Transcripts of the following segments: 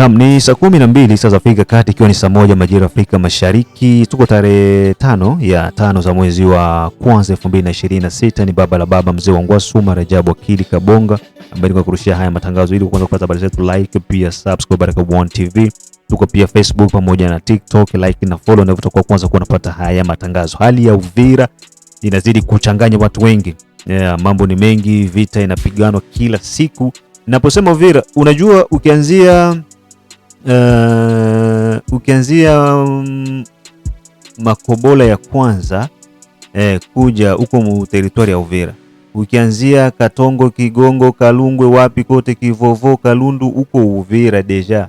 Naam, ni saa kumi na mbili saa za Afrika Kati, ikiwa ni saa moja majira Afrika Mashariki. Tuko tarehe tano ya tano za mwezi wa kwanza sita. Ni baba la baba mzee wa Ngwasu Suma Rajabu Akili Kabonga ambaye niko kurushia haya matangazo ili kuanza kupata habari zetu, like pia subscribe Baraka One TV. Tuko pia Facebook pamoja na TikTok, like na follow, ndio utakuwa kwanza kuwa unapata haya matangazo. Hali ya Uvira inazidi kuchanganya watu wengi yeah, mambo ni mengi, vita inapiganwa kila siku. Naposema Uvira, unajua ukianzia uh, ukianzia um, Makobola ya kwanza eh, kuja huko mu ya Uvira, ukianzia Katongo, Kigongo, Kalungwe, wapi kote, Kivovo, Kalundu, huko Uvira deja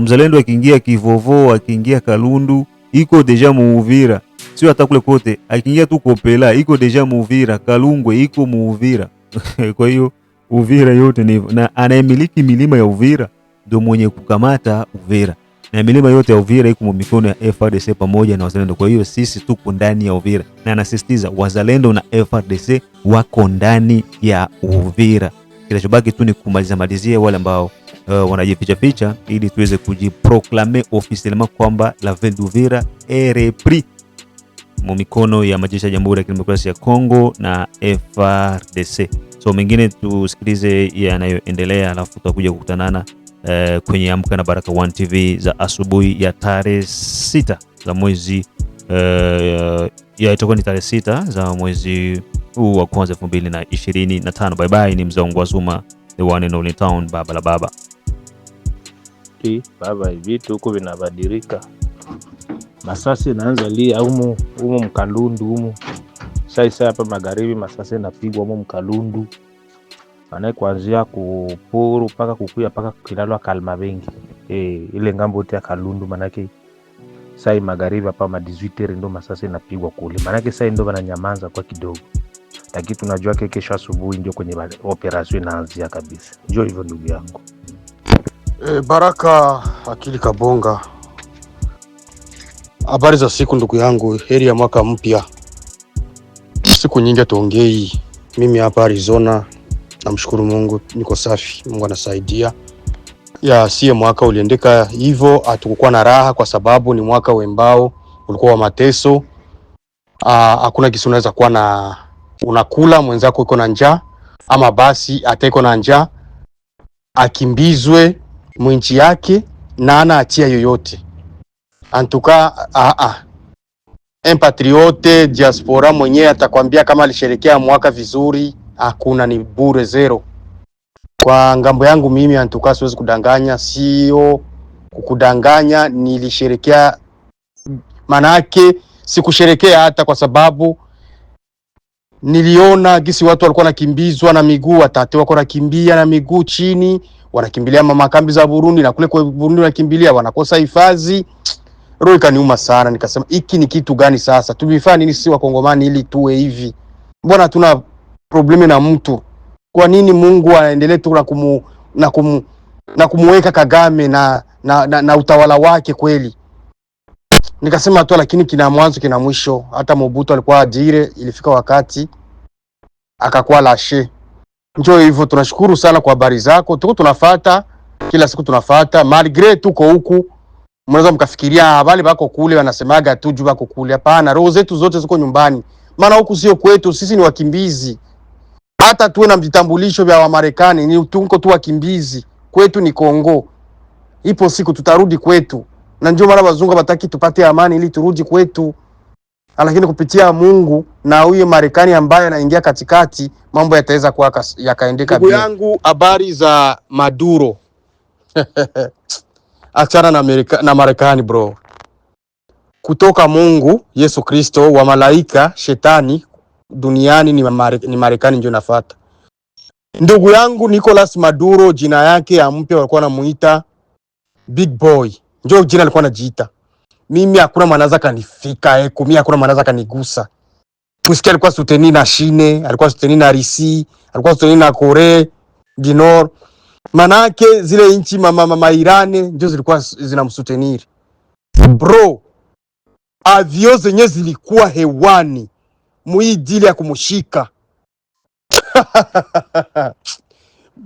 mzalendo akiingia Kivovo, akiingia Kalundu iko deja muuvira, sio hata kule kote, akiingia tu Kopela iko deja muuvira, Kalungwe iko muuvira. Kwa hiyo Uvira yote ni na anayemiliki milima ya Uvira ndio mwenye kukamata Uvira na milima yote ya Uvira iko mikono ya FRDC pamoja na wazalendo. Kwa hiyo sisi tuko ndani ya Uvira, na anasisitiza wazalendo na FRDC wako ndani ya Uvira. Kinachobaki tu ni kumaliza malizia wale ambao uh, wanajificha picha ili tuweze kujiproclame officiellement kwamba la ville d'Uvira est repris mu mikono ya majeshi ya Jamhuri ya Kidemokrasia ya Kongo na FRDC. So mengine tusikilize yanayoendelea, alafu tutakuja kukutanana Eh, kwenye Amka na Baraka 1 TV za asubuhi ya tarehe sita za mwezi uh, ya itakuwa ni tarehe sita za mwezi huu wa kwanza 2025. Bye bye, ni mzongo wa the one and only town, baba la baba. Baba, vitu huko vinabadilika, masasi naanza lia humu humu mkalundu humu saisa hapa magharibi, masasi napigwa humu mkalundu maanaye kuanzia kupuru mpaka kukuya mpaka kukilalwa kalma bengi e, eh, ile ngambo yote ya Kalundu manake sai magharibi hapa ma madizwiteri ndo masasa inapigwa kule, manake sai ndo wananyamanza kwa kidogo, lakini tunajua ke kesho asubuhi ndio kwenye operasio inaanzia kabisa. Ndio hivyo ndugu yangu e, Baraka Akili Kabonga, habari za siku ndugu yangu, heri ya mwaka mpya. Siku nyingi hatuongei, mimi hapa Arizona Namshukuru Mungu niko safi, Mungu anasaidia. Ya sie mwaka uliendeka hivyo, hatukukuwa ah, na raha kwa sababu ni mwaka wembao ulikuwa wa mateso. Ah, hakuna kisi unaweza kuwa na unakula mwenzako iko na njaa, ama basi hata iko na njaa akimbizwe mwinchi yake na ana hatia yoyote antuka a ah, empatriote diaspora mwenyewe atakwambia kama alisherekea mwaka vizuri hakuna, ni bure zero. Kwa ngambo yangu mimi antuka, siwezi kudanganya, sio kukudanganya, nilisherekea manake sikusherekea hata kwa sababu niliona gisi watu walikuwa nakimbizwa na miguu, watate wako nakimbia na miguu chini, wanakimbilia mama kambi za Burundi na kule kwa Burundi wanakimbilia, wanakosa hifadhi. Roho ikaniuma sana, nikasema hiki ni kitu gani sasa? Tumefanya nini sisi Wakongomani ili tuwe hivi? Mbona tuna probleme na mtu. Kwa nini Mungu aendelee tu na kumu, na kumu, na kumuweka Kagame na, na, na, na utawala wake kweli? Nikasema tu lakini kina mwanzo kina mwisho. Hata Mobutu alikuwa adire, ilifika wakati akakuwa lashe. Njo hivyo, tunashukuru sana kwa habari zako, tuko tunafata kila siku tunafata, malgre tuko huku. Mnaweza mkafikiria ah, wale bako kule wanasemaga tu juu bako kule. Hapana, roho zetu zote ziko nyumbani, maana huku sio kwetu, sisi ni wakimbizi hata tuwe na vitambulisho vya Wamarekani, ni tuko tu wakimbizi, kwetu ni Kongo. Ipo siku tutarudi kwetu, na ndio maana wazungu wataki tupate amani ili turudi kwetu, ah, lakini kupitia Mungu na huyo Marekani ambaye anaingia katikati, mambo yataweza kuwa yakaendeka. Ndugu yangu, habari za Maduro achana na Amerika, na Marekani bro, kutoka Mungu Yesu Kristo wa malaika shetani duniani ni mare, ni Marekani ndio inafuata. Ndugu yangu Nicolas Maduro, jina yake ya mpya walikuwa wanamuita Big Boy, ndio jina alikuwa anajiita. Mimi hakuna mwanaweza kanifika eh, kumi hakuna mwanaweza kanigusa. Kusikia alikuwa suteni na Shine, alikuwa suteni na Risi, alikuwa suteni na Korea Dinor. Manake zile nchi mama mama Irani ndio zilikuwa zinamsuteniri. Bro, avio zenye zilikuwa hewani dili ya kumushika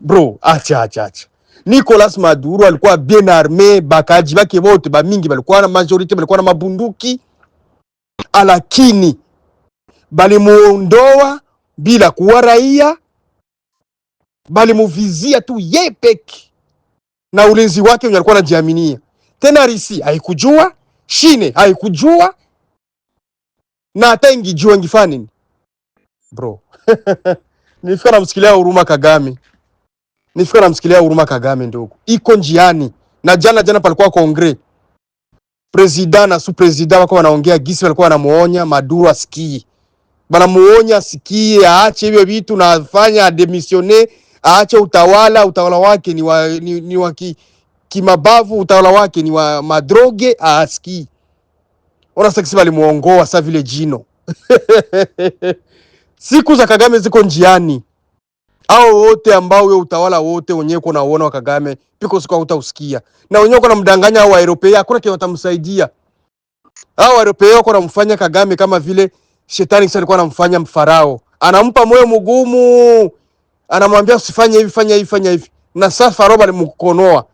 bro, acha acha acha. Nicolas Maduro alikuwa bien arme, bakaji bake ba bamingi balikuwa na majority, balikuwa na mabunduki, alakini balimuondoa bila kuwa raia, balimuvizia tu ye peke na ulinzi wake, alikuwa anajiaminia tena. Risi haikujua, Shine haikujua na hata ingijua ngifanya nini bro nifika namsikilia huruma Kagame, nifika namsikilia huruma Kagame ndugu, iko njiani. Na jana jana palikuwa kongre presida na su presida wako wanaongea gisi, walikuwa wanamuonya Maduro asikie, wanamuonya asikie, aache hivyo vitu nafanya afanya aache utawala. Utawala wake ni wa, ni, ni wa ki, kimabavu, utawala wake ni wa madroge, aasikie Ona sasa kisema alimuongoa saa vile jino siku za Kagame ziko njiani. Hao wote ambao huyo utawala wote wenyewe kuna uona wa Kagame piko siku hautausikia. Na wenyewe kuna mdanganya wa Europea, hakuna kile watamsaidia. Hao wa Europea wako namfanya Kagame kama vile shetani sasa alikuwa anamfanya mfarao. Anampa moyo mgumu. Anamwambia usifanye hivi, fanya hivi, fanya hivi. Na sasa Farao alimkonoa.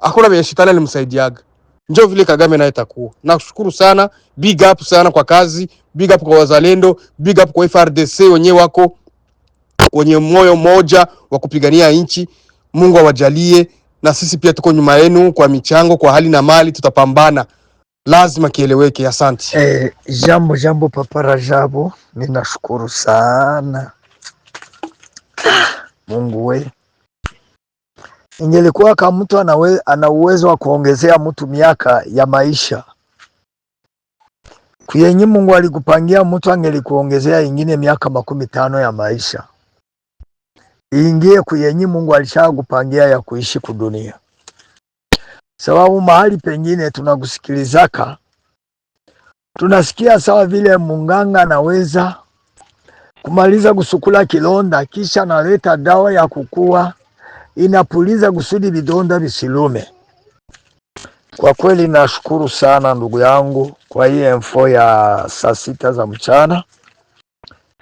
Hakuna vile shetani alimsaidiaga njo vile Kagame naye takuwa. Nashukuru sana, big up sana kwa kazi, big up kwa wazalendo, big up kwa FRDC wenyewe wako wenye moyo moja wa kupigania nchi. Mungu awajalie, na sisi pia tuko nyuma yenu kwa michango, kwa hali na mali, tutapambana, lazima kieleweke. Asante eh, jambo jambo, Papa Rajabu, ninashukuru sana ah, Mungu we ingelikuwa kama mtu ana uwezo wa kuongezea mtu miaka ya maisha kuyenyi Mungu alikupangia mtu angelikuongezea ingine miaka makumi tano ya maisha ingie kuyenye Mungu alishakupangia ya kuishi kudunia. Sababu mahali pengine tunakusikilizaka tunasikia sawa vile munganga anaweza kumaliza kusukula kilonda, kisha naleta dawa ya kukua inapuliza kusudi vidonda visilume. Kwa kweli nashukuru sana ndugu yangu kwa hii info ya saa sita za mchana.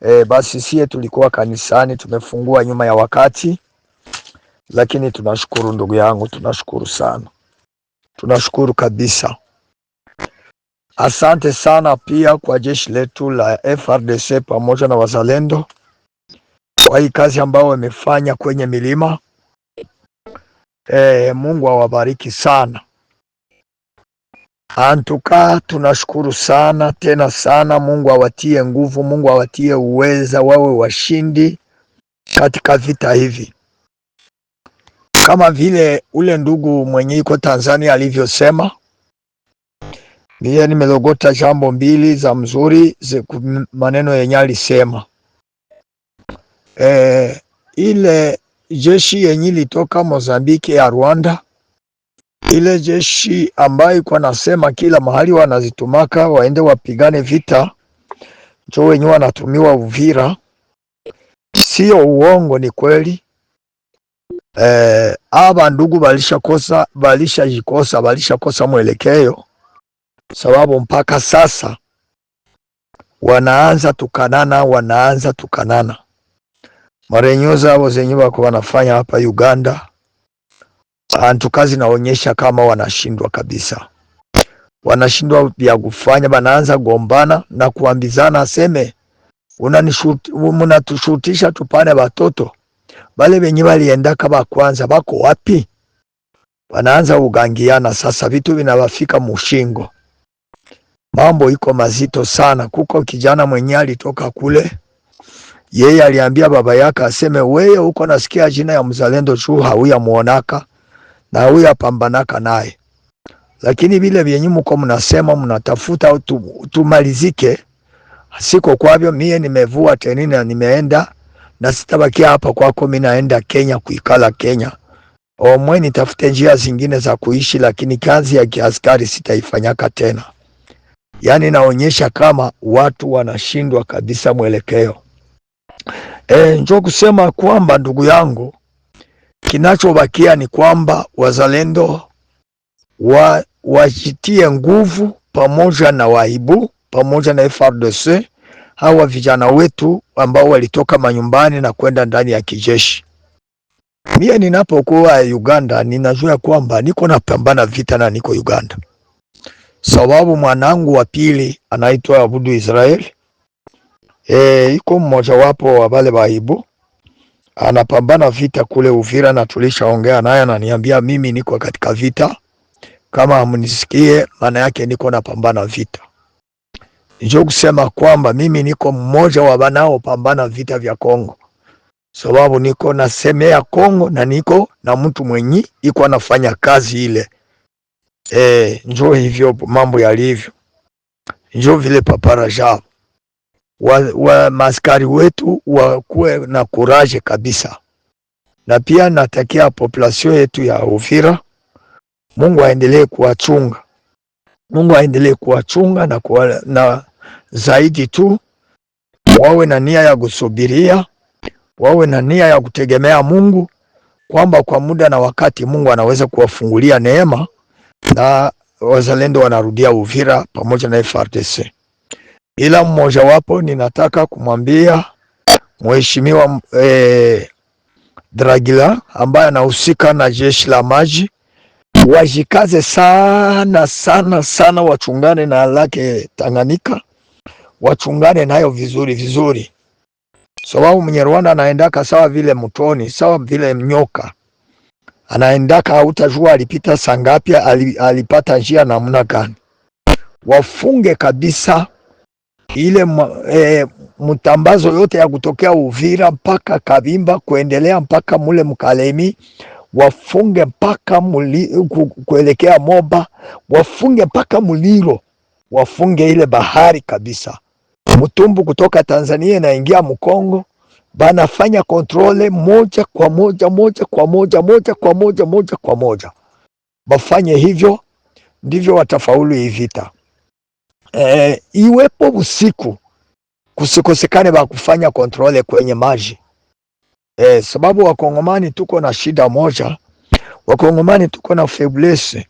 E, basi sie tulikuwa kanisani tumefungua nyuma ya wakati, lakini tunashukuru ndugu yangu, tunashukuru sana, tunashukuru kabisa. Asante sana pia kwa jeshi letu la FRDC pamoja na wazalendo kwa hii kazi ambayo wamefanya kwenye milima Eh, Mungu awabariki sana. Antuka tunashukuru sana tena sana. Mungu awatie nguvu, Mungu awatie uweza, wawe washindi katika vita hivi, kama vile ule ndugu mwenye iko Tanzania alivyosema. Mie nimelogota jambo mbili za mzuri maneno yenye alisema eh, ile jeshi yenye ilitoka Mozambiki ya Rwanda, ile jeshi ambayo iko nasema kila mahali wanazitumaka waende wapigane vita, njo wenyewe wanatumiwa Uvira. Sio uongo, ni kweli. Eh, aba ndugu balishakosa, balishajikosa, balishakosa mwelekeo, sababu mpaka sasa wanaanza tukanana, wanaanza tukanana marenyo zabo zenye wako wanafanya hapa Uganda kazi naonyesha kama wanashindwa kabisa, wanashindwa vya kufanya, banaanza gombana na kuambizana, aseme munatushutisha tupane batoto bale benye baliendaka ba kwanza bako wapi? Wanaanza ugangiana sasa, vitu vinawafika mushingo. Mambo iko mazito sana. Kuko kijana mwenye alitoka kule yeye aliambia baba yake aseme, wewe uko nasikia jina ya mzalendo tu hauya muonaka na hauyapambanaka naye, lakini vile vyenye mko mnasema mnatafuta tumalizike, siko kwavyo. Mie nimevua tenini na nimeenda na sitabakia hapa kwako, mimi naenda Kenya kuikala Kenya omwe nitafute njia zingine za kuishi, lakini kazi ya kiaskari sitaifanyaka tena. Yaani naonyesha kama watu wanashindwa kabisa mwelekeo. E, eh, njo kusema kwamba ndugu yangu, kinachobakia ni kwamba wazalendo wa, wajitie nguvu pamoja na waibu pamoja na frdc hawa vijana wetu ambao walitoka manyumbani na kwenda ndani ya kijeshi. Mie ninapokuwa Uganda, ninajua kwamba niko napambana vita na niko Uganda, sababu mwanangu wa pili anaitwa Abudu Israeli E, iko mmoja wapo wa wale waibu anapambana vita kule Uvira na tulishaongea naye, ananiambia mimi niko katika vita, kama amnisikie, maana yake niko napambana vita. Njo kusema kwamba mimi niko mmoja wa pambana vita vya Kongo, sababu niko nasemea Kongo na niko na mtu mwenyi iko anafanya kazi ile. E, njoo hivyo mambo yalivyo, njoo vile papara paparajabu wa, wa maskari wetu wakuwe na kuraje kabisa, na pia natakia populasio yetu ya Uvira, Mungu aendelee kuwachunga, Mungu aendelee kuwachunga na, kuwa, na zaidi tu wawe na nia ya kusubiria, wawe na nia ya kutegemea Mungu kwamba kwa muda na wakati Mungu anaweza kuwafungulia neema na wazalendo wanarudia Uvira pamoja na frdc ila mmojawapo ninataka kumwambia mheshimiwa eh, Dragila ambaye anahusika na jeshi la maji wajikaze sana sana sana, wachungane na lake Tanganyika, wachungane nayo vizuri vizuri, sababu so, Rwanda anaendaka sawa vile mtoni, sawa vile mnyoka anaendaka, hautajua alipita sangapi, alipata njia namna gani. Wafunge kabisa ile e, e, mtambazo yote ya kutokea Uvira mpaka Kabimba kuendelea mpaka mule Mkalemi, wafunge mpaka kuelekea Moba, wafunge mpaka Muliro, wafunge ile bahari kabisa. Mtumbu kutoka Tanzania inaingia Mkongo, banafanya kontrole moja kwa moja moja kwa moja moja kwa moja moja kwa moja. Bafanye hivyo, ndivyo watafaulu hii vita eh, iwepo usiku kusikosekane ba kufanya kontrole kwenye maji eh, sababu wakongomani tuko na shida moja, wakongomani tuko na faiblesse.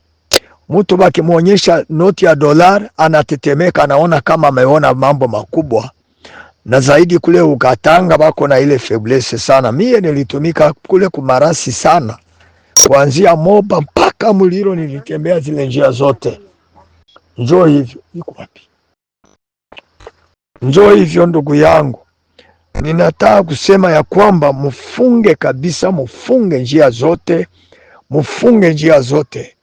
Mtu bakimwonyesha noti ya dolar anatetemeka, anaona kama ameona mambo makubwa na zaidi kule Ukatanga bako na ile feblese sana. Mie nilitumika kule kumarasi sana, kuanzia Moba mpaka Muliro, nilitembea zile njia zote. Njoo hivyo, iko wapi? Njoo hivyo, ndugu yangu, ninataka kusema ya kwamba mufunge kabisa, mufunge njia zote, mufunge njia zote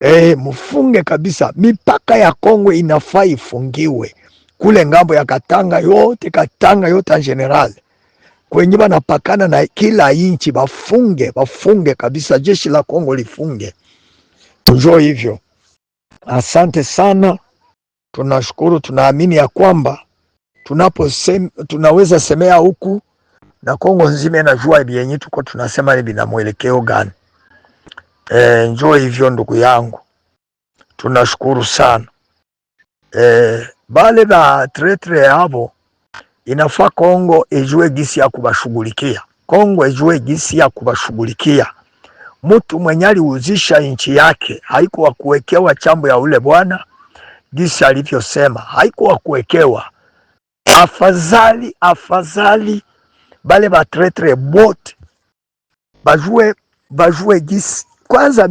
eh, mufunge kabisa. Mipaka ya Kongwe inafaa ifungiwe, kule ngambo ya Katanga yote, Katanga yote en general kwenye banapakana na kila inchi, bafunge bafunge kabisa, jeshi la Kongo lifunge. Njoo hivyo. Asante sana, tunashukuru. Tunaamini ya kwamba tunaposema tunaweza semea huku na Kongo nzima inajua yenye tuko tunasema ni bina mwelekeo gani. E, njoo hivyo ndugu yangu, tunashukuru sana e, bale ba tretre havo inafaa Kongo ijue gisi ya kubashughulikia. Kongo ijue gisi ya kubashughulikia mtu mwenye aliuzisha nchi yake haikuwa kuwekewa chambo ya ule bwana gisi alivyosema, haikuwa kuwekewa afadhali. Afadhali bale batretre bote bajue, bajue gisi kwanza.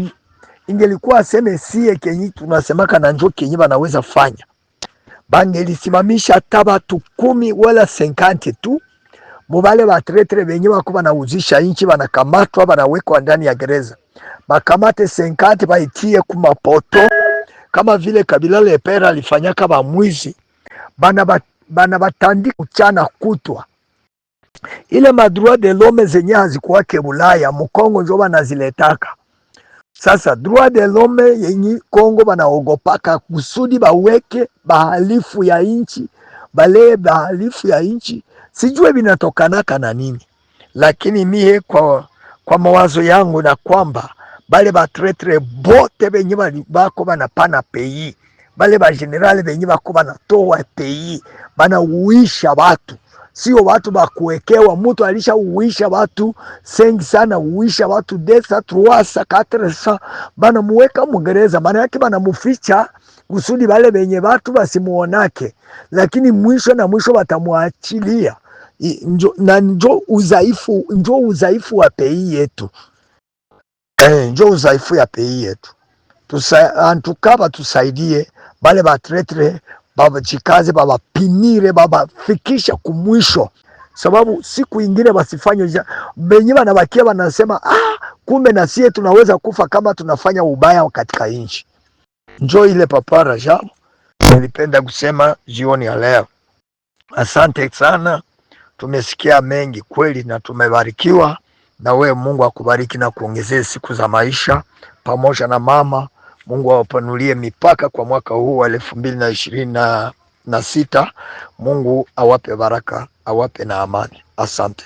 Ingelikuwa aseme sie kenyi tunasemaka na njo kenyi banaweza fanya, bangelisimamisha hata batu kumi wala senkante tu mubale batretre benye bako uzisha inchi banakamatwa banawekwa ndani ya gereza, bakamate senkati baitie kumapoto kama vile Kabila Lepera alifanyaka bamwizi bana bana batandi kuchana kutwa ile madroit de l'homme zenye hazikuwake Bulaya mukongo njo banaziletaka sasa. Droit de l'homme yenye Kongo banaogopaka kusudi baweke bahalifu ya inchi balee bahalifu ya inchi sijue vinatokanaka na nini, lakini mie kwa, kwa mawazo yangu na kwamba bale batretre bote venye bako banapana peyi, bale bagenerali venye bako banatoa peyi, banauisha watu sio watu bakuwekewa, mutu uisha watu sengi sana, uisha watu desa truasa katresa, banamuweka mugereza, maana yake banamuficha kusudi bale benye batu basimuonake, lakini mwisho na mwisho batamwachilia na njo uzaifu, njo uzaifu wa pei yetu eh, njo uzaifu ya pei yetu. Tusa, antukaba tusaidie bale batretre pinire baba fikisha kumwisho, sababu siku ingine basifanye benye banabakia banasema ah, kumbe na sie tunaweza kufa kama tunafanya ubaya katika nchi. Njo ile Papa Rajabu nilipenda kusema jioni ya leo. Asante sana, tumesikia mengi kweli na tumebarikiwa na wewe. Mungu akubariki na kuongezee siku za maisha pamoja na mama Mungu awapanulie mipaka kwa mwaka huu wa elfu mbili na ishirini na sita. Mungu awape baraka, awape na amani. Asante.